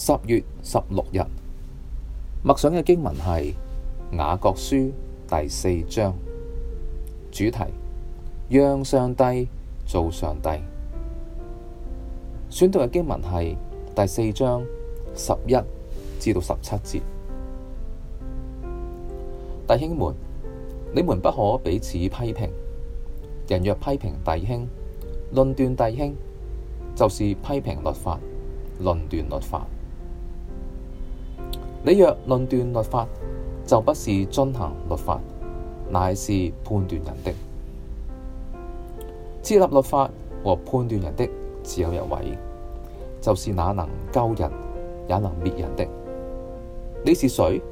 十月十六日默想嘅經文係雅各書第四章，主題，讓上帝做上帝。選讀嘅經文係第四章十一至到十七節。弟兄們，你們不可彼此批評。人若批評弟兄，論斷弟兄，就是批評律法，論斷律法。你若論斷律法，就不是遵行律法，乃是判斷人的。設立律法和判斷人的，只有一位，就是那能救人也能滅人的。你是誰？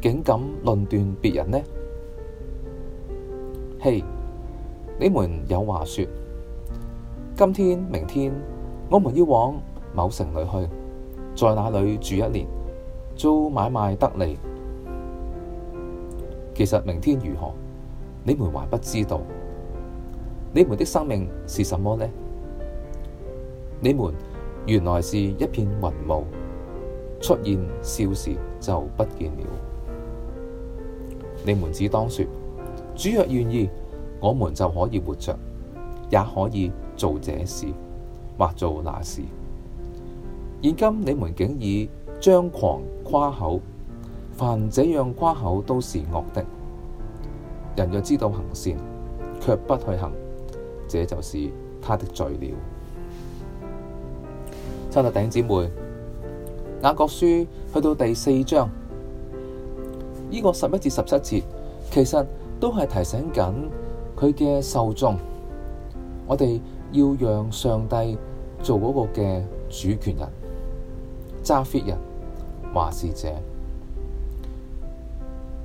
竟敢論斷別人呢？嘿、hey，你們有話說，今天明天我們要往某城裏去，在那裏住一年。做買賣得利，其實明天如何，你們還不知道。你們的生命是什麼呢？你們原來是一片雲霧，出現少時就不見了。你們只當說：主若願意，我們就可以活着，也可以做這事或做那事。現今你們竟以張狂誇口，凡這樣誇口都是惡的。人若知道行善，卻不去行，這就是他的罪了。親愛的弟兄姊妹，雅各書去到第四章，呢、這個十一至十七節，其實都係提醒緊佢嘅受眾。我哋要讓上帝做嗰個嘅主權人，揸 fit 人。話事者，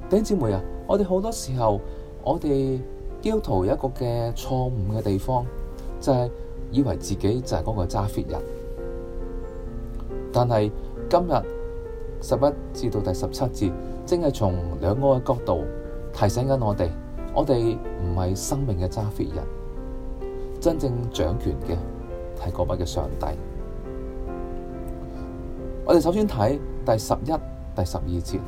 丁姊妹啊！我哋好多時候，我哋基督徒有一個嘅錯誤嘅地方，就係、是、以為自己就係嗰個揸 fit 人。但係今日十一至到第十七節，正係從兩個嘅角度提醒緊我哋，我哋唔係生命嘅揸 fit 人，真正掌權嘅係各位嘅上帝。我哋首先睇。第十一、第十二節，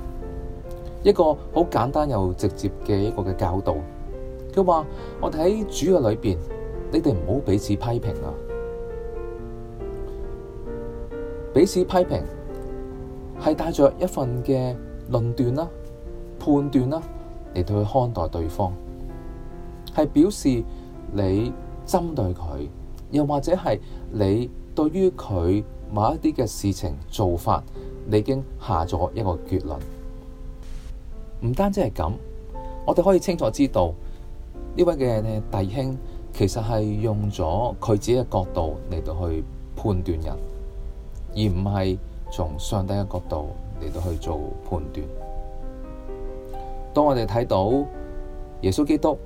一個好簡單又直接嘅一個嘅教導。佢話：我哋喺主嘅裏邊，你哋唔好彼此批評啊！彼此批評係帶着一份嘅論斷啦、判斷啦嚟到去看待對方，係表示你針對佢，又或者係你對於佢某一啲嘅事情做法。你已經下咗一個結論，唔單止係咁，我哋可以清楚知道，呢位嘅弟兄其實係用咗佢自己嘅角度嚟到去判斷人，而唔係從上帝嘅角度嚟到去做判斷。當我哋睇到耶穌基督，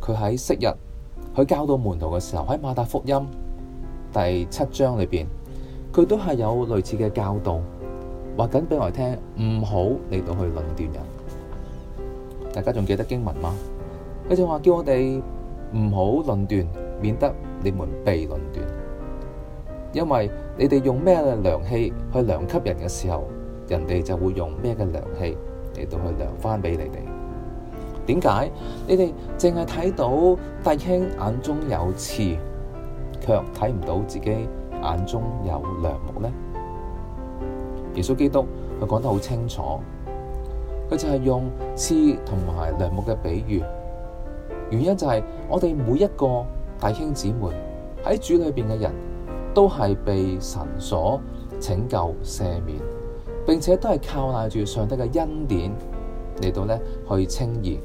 佢喺昔日，佢教導門徒嘅時候，喺馬達福音第七章裏邊，佢都係有類似嘅教導。話緊俾我哋聽，唔好嚟到去論斷人。大家仲記得經文嗎？佢就話叫我哋唔好論斷，免得你們被論斷。因為你哋用咩嘅量器去量給人嘅時候，人哋就會用咩嘅量器嚟到去量翻俾你哋。點解你哋淨係睇到弟兄眼中有刺，卻睇唔到自己眼中有梁木呢？耶穌基督佢講得好清楚，佢就係用刺同埋樑木嘅比喻。原因就係我哋每一個弟兄姊妹喺主裏邊嘅人都係被神所拯救赦免，並且都係靠賴住上帝嘅恩典嚟到咧去稱義。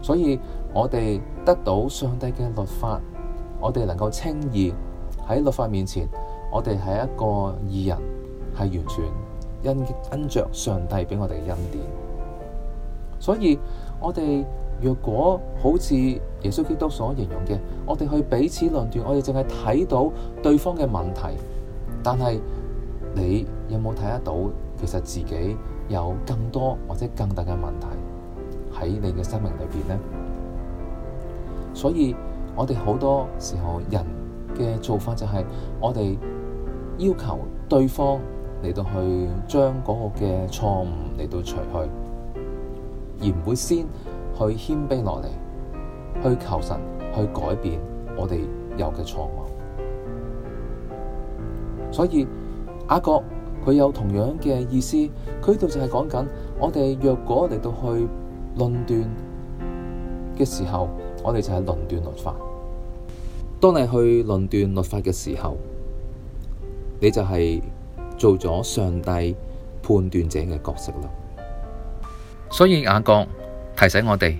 所以我哋得到上帝嘅律法，我哋能夠稱義，喺律法面前，我哋係一個義人。係完全因着上帝畀我哋嘅恩典，所以我哋若果好似耶穌基督所形容嘅，我哋去彼此論斷，我哋淨係睇到對方嘅問題，但係你有冇睇得到其實自己有更多或者更大嘅問題喺你嘅生命裏邊呢？所以我哋好多時候人嘅做法就係我哋要求對方。嚟到去將嗰個嘅錯誤嚟到除去，而唔會先去謙卑落嚟，去求神去改變我哋有嘅錯誤。所以雅各佢有同樣嘅意思，佢呢度就係講緊我哋若果嚟到去論斷嘅時候，我哋就係論斷律法。當你去論斷律法嘅時候，你就係、是，做咗上帝判斷者嘅角色咯，所以雅各提醒我哋，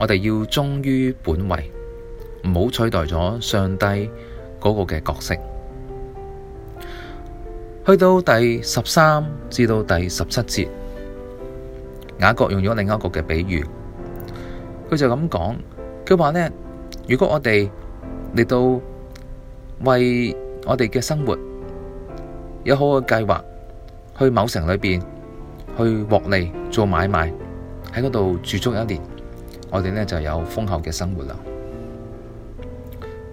我哋要忠於本位，唔好取代咗上帝嗰個嘅角色。去到第十三至到第十七節，雅各用咗另一個嘅比喻，佢就咁講，佢話呢，如果我哋嚟到為我哋嘅生活。有好嘅計劃，去某城裏邊去獲利做買賣，喺嗰度住足一年，我哋呢就有豐厚嘅生活啦。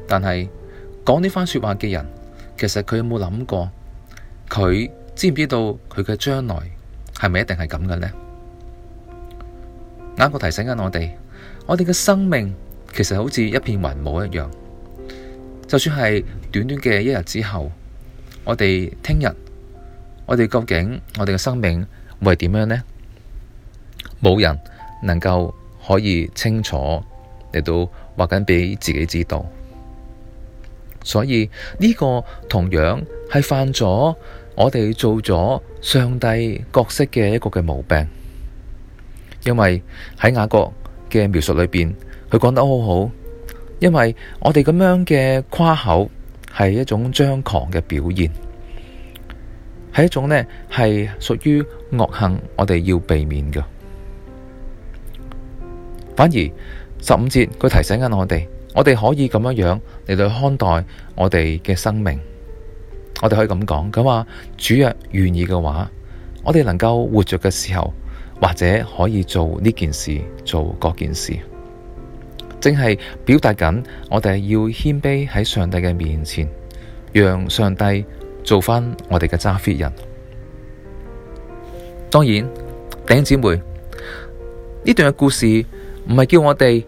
但係講呢番說話嘅人，其實佢有冇諗過，佢知唔知道佢嘅將來係咪一定係咁嘅呢？啱好提醒緊我哋，我哋嘅生命其實好似一片雲霧一樣，就算係短短嘅一日之後。我哋聽日，我哋究竟我哋嘅生命會係點樣呢？冇人能夠可以清楚嚟到話緊俾自己知道，所以呢個同樣係犯咗我哋做咗上帝角色嘅一個嘅毛病。因為喺雅各嘅描述裏邊，佢講得好好，因為我哋咁樣嘅誇口，係一種張狂嘅表現，係一種呢，係屬於惡行，我哋要避免嘅。反而十五節佢提醒緊我哋，我哋可以咁樣樣嚟到看待我哋嘅生命。我哋可以咁講，咁話主若願意嘅話，我哋能夠活着嘅時候，或者可以做呢件事，做嗰件事。正係表達緊，我哋要謙卑喺上帝嘅面前，讓上帝做翻我哋嘅揸 fit 人。當然，頂姊妹呢段嘅故事唔係叫我哋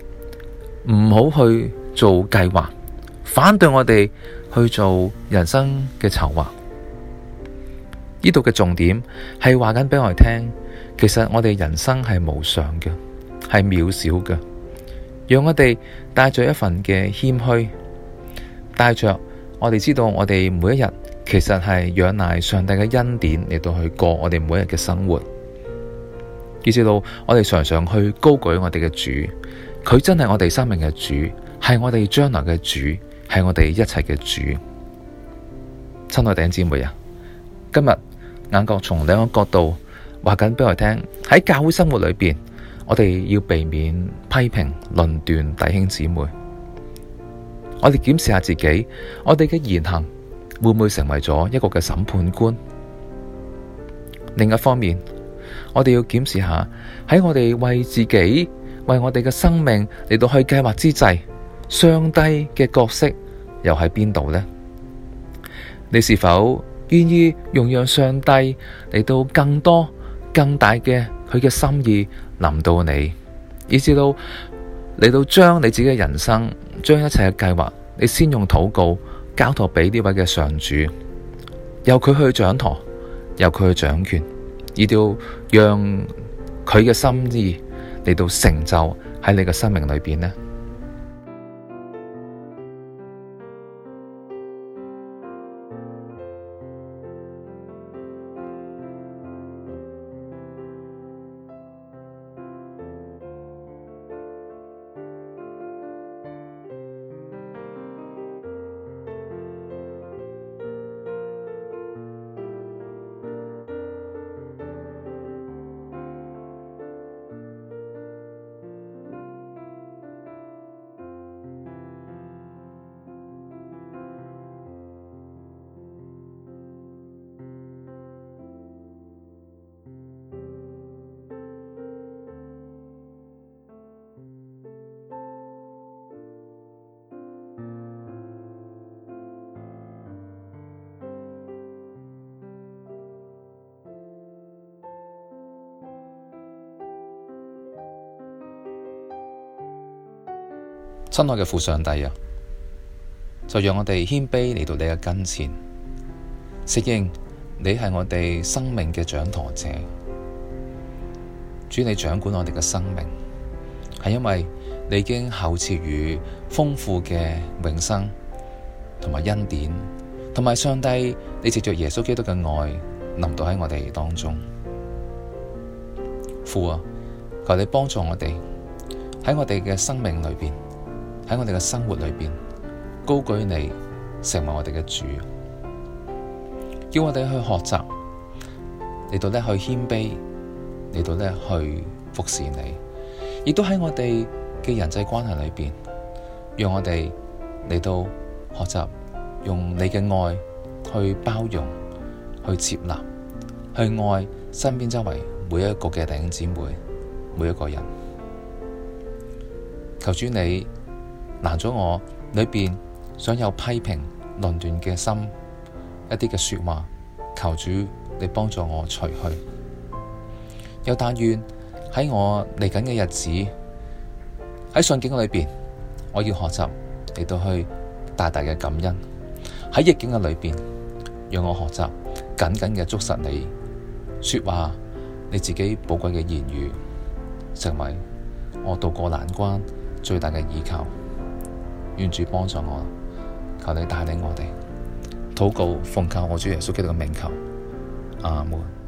唔好去做計劃，反對我哋去做人生嘅籌劃。呢度嘅重點係話緊畀我哋聽，其實我哋人生係無常嘅，係渺小嘅。讓我哋帶着一份嘅謙虛，帶着我哋知道我哋每一日其實係仰賴上帝嘅恩典嚟到去過我哋每一日嘅生活。意識到我哋常常去高舉我哋嘅主，佢真係我哋生命嘅主，係我哋將來嘅主，係我哋一切嘅主。親愛弟兄姊妹啊，今日雅各從另一個角度話緊俾我哋聽喺教會生活裏邊。我哋要避免批評、論斷弟兄姊妹。我哋檢視下自己，我哋嘅言行會唔會成為咗一個嘅審判官？另一方面，我哋要檢視下喺我哋為自己、為我哋嘅生命嚟到去計劃之際，上帝嘅角色又喺邊度呢？你是否願意容讓上帝嚟到更多、更大嘅佢嘅心意？臨到你，以至到嚟到將你自己嘅人生，將一切嘅計劃，你先用禱告交託畀呢位嘅上主，由佢去掌舵，由佢去掌權，以到讓佢嘅心意嚟到成就喺你嘅生命裏邊呢？親愛嘅父上帝啊，就讓我哋謙卑嚟到你嘅跟前，承認你係我哋生命嘅掌舵者。主你掌管我哋嘅生命，係因為你已經厚賜予豐富嘅永生同埋恩典，同埋上帝，你借着耶穌基督嘅愛臨到喺我哋當中。父啊，求你幫助我哋喺我哋嘅生命裏邊。喺我哋嘅生活裏邊，高舉你成為我哋嘅主，要我哋去學習嚟到呢去謙卑，嚟到呢去服侍你，亦都喺我哋嘅人際關係裏邊，讓我哋嚟到學習用你嘅愛去包容、去接納、去愛身邊周圍每一個嘅弟兄姊妹、每一個人。求主你。難咗我裏邊想有批評論斷嘅心，一啲嘅說話，求主你幫助我除去。又但願喺我嚟緊嘅日子喺順境嘅裏邊，我要學習嚟到去大大嘅感恩；喺逆境嘅裏邊，讓我學習緊緊嘅捉實你說話你自己寶貴嘅言語，成為我度過難關最大嘅依靠。願主幫助我，求你帶領我哋，禱告奉靠我主耶穌基督嘅名求，阿門。